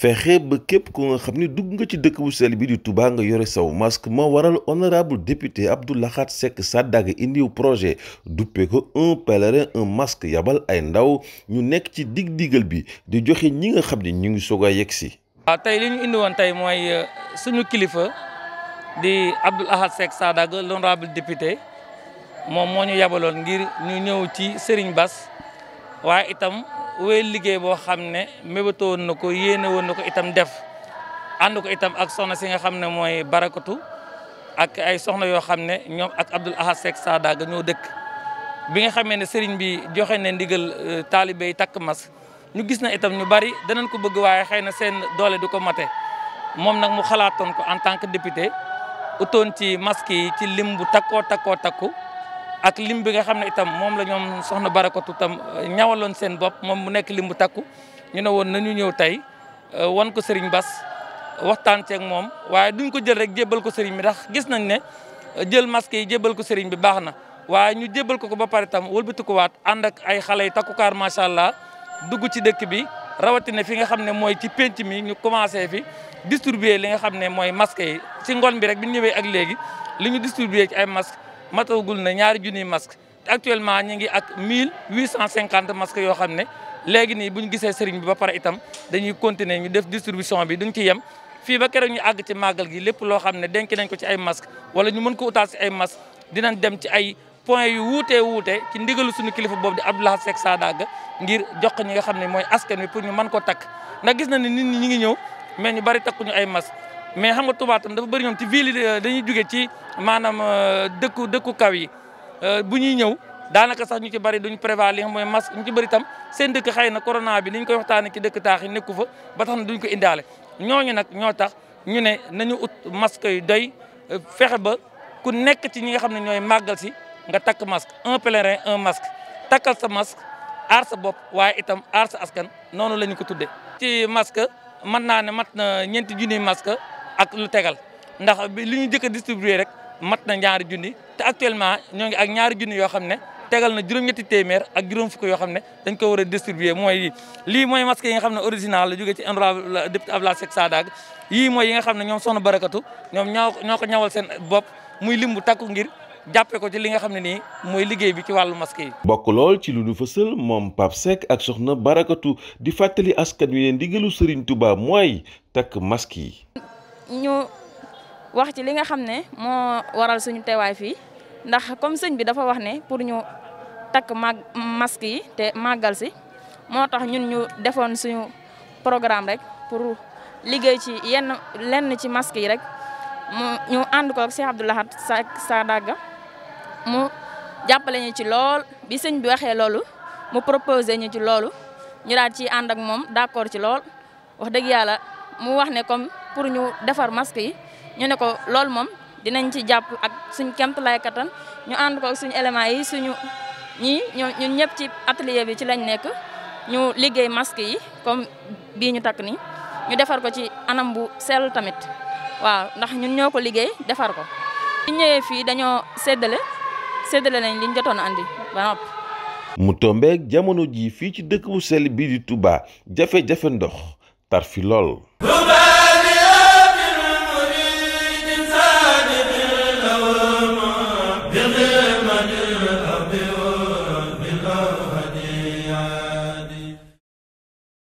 fexe ba képp ko nga xam ni dugg nga ci dëkk bu sell bi di Touba nga yore saw masque moo waral honorable député Abdou Lahad Seck Sadaga indiw projet duppe ko un pèlerin un masque yabal ay ndaw ñu nekk ci digg digal bi di joxe ñi nga xam ni ñu ngi soog a yegg si. waaw tey li ñu indi woon tey mooy euh, suñu kilifa di Abdou Lahad Seck Sadaga l'honorable député moom moo ñu yabaloon ngir ñu ñëw ci Serigne Bass waaye itam. wéy liggéey boo xam ne mébéto woon na ko yéene woon na ko itam def ànd ko itam ak soxna si nga xam ne mooy barakatu ak ay soxna yoo xam ne ñoom ak Abdoul Ahad Seck Sadaga ñoo dëkk bi nga xamee ne sëriñ bi joxe na ndigal euh, taalibe yi takk mas ñu gis na itam ñu bari danañ ko bëgg waaye xëy na seen doole di ko mate moom nag mu xalaatoon ko en tant que député utoon ci masque yi ci lim bu takkoo takkoo takku ak lim bi nga xam ne itam moom la ñoom soxna barakatu tam euh, ñawaloon seen bopp moom mu nekk lim takku ñu ne woon na nañu ñëw tey euh, wan ko Serigne bas waxtaan ceeg moom waaye duñ ko jël rek jëbal ko Serigne bi ndax gis nañ ne euh, jël masque yi jébbal ko Serigne bi baax na waaye ñu jëbal ko ko ba pare tam wëlbatikuwaat ànd ak ay xale yu takkukaar macha allah dugg ci dëkk bi rawatina fi nga xam ne mooy ci penc mi ñu commencé fi distribuer li nga xam ne mooy masque yi ci ngoon bi rek bi ñu ñëwee ak léegi li ñu distribuer ci ay masque matagul na ñaari junniy masque actuellement ñu ngi ak mille cinquante masques yoo xam ne léegi nii bu ñu gisee sëriñ bi ba pare itam dañuy continuer ñu def distribution bi duñ ci yem fii ba keroog ñu àgg ci màggal gi lépp loo xam ne denc nañ ko ci ay masque wala ñu mën ko utaal si ay masque dinañ dem ci ay point yu wuutee wuute ci ndigalu suñu kilifa boobu di Abdoulaye Seck Sadaga ngir jox ñi nga xam ne mooy askan wi pour ñu mën ko takk ndax gis na ne nit ñi ñu ngi ñëw mais ñu bari takkuñu ay masque mais xam nga Touba tam dafa bëri ñoom ci ville yi euh, dañuy jóge ci euh, maanaam euh, dëkku dëkku kaw yi bu ñuy ñëw daanaka sax ñu ci bëri duñ prévoir li nga xam ñu ci bëri tam seen dëkk na corona bi ni koy waxtaanee ci dëkk taax yi nekku fa ba tax ko indaale ñooñu nag ñoo tax ñu ne nañu ut masque yi doy fexe ba ku nekk ci ñi nga xam ne ñooy màggal si nga takk masque un pèlerin un masque takkal sa masque aar sa bopp waaye itam aar sa askan noonu la ñu ko tuddee. ci masque mën naa ne mat na ñeenti junniy masque ak lu tegal ndax li ñu njëkk a distribué rek mat na ñaari junni te actuellement ñoo ngi ak ñaari junni yoo xam ne tegal na juróom-ñetti téeméer ak juróom fukk yoo xam ne dañ ko war a distribué mooy lii mooy masque yi nga xam ne original la jógee ci honorable député Abdoulaye Seck Sadaga yii mooy yi nga xam ne ñoom soxna barakatu ñoom ñoo ñoo ko ñawal seen bopp muy lim bu takku ngir jàppe ko ci li nga xam ne nii mooy liggéey bi ci wàllu masque yi bokk lool ci lu nu fësal moom Pape Seck ak soxna barakatu di fàttali askan wi ne ndigalu Serigne Touba mooy takk masque yi ñu wax ci li nga xamne mo waral suñu téway fi ndax comme señ bi dafa wax ne pour ñu tak masque yi te magal si motax ñun ñu défon suñu programme rek pour liggéey ci yenn lenn ci masque yi rek mu ñu and ko ak Cheikh Abdou Lahad Sadaga mu jappalé ñu ci lool bi señ bi waxé loolu mu proposé ñu ci loolu ñu daal ci and ak mom d'accord ci lool wax deug yalla mu wax ne comme pour ñu défar masque yi ñu ne ko lool mom dinañ ci japp ak suñ lay katan ñu and ko ak suñu éléments yi suñu ñi ñun ñepp ci atelier bi ci lañ nekk ñu liggéey masque yi comme bi ñu tak ni ñu défar ko ci anam bu sel tamit waaw ndax ñun ñoko ko liggéey défar ko. ñu ñëwé fi dañoo séddale séddale nañ liñ jotoon andi ba nopp. mu tombé jamono ji fi ci dëkk bu sel bi di Touba jafe-jafe ndox tar fi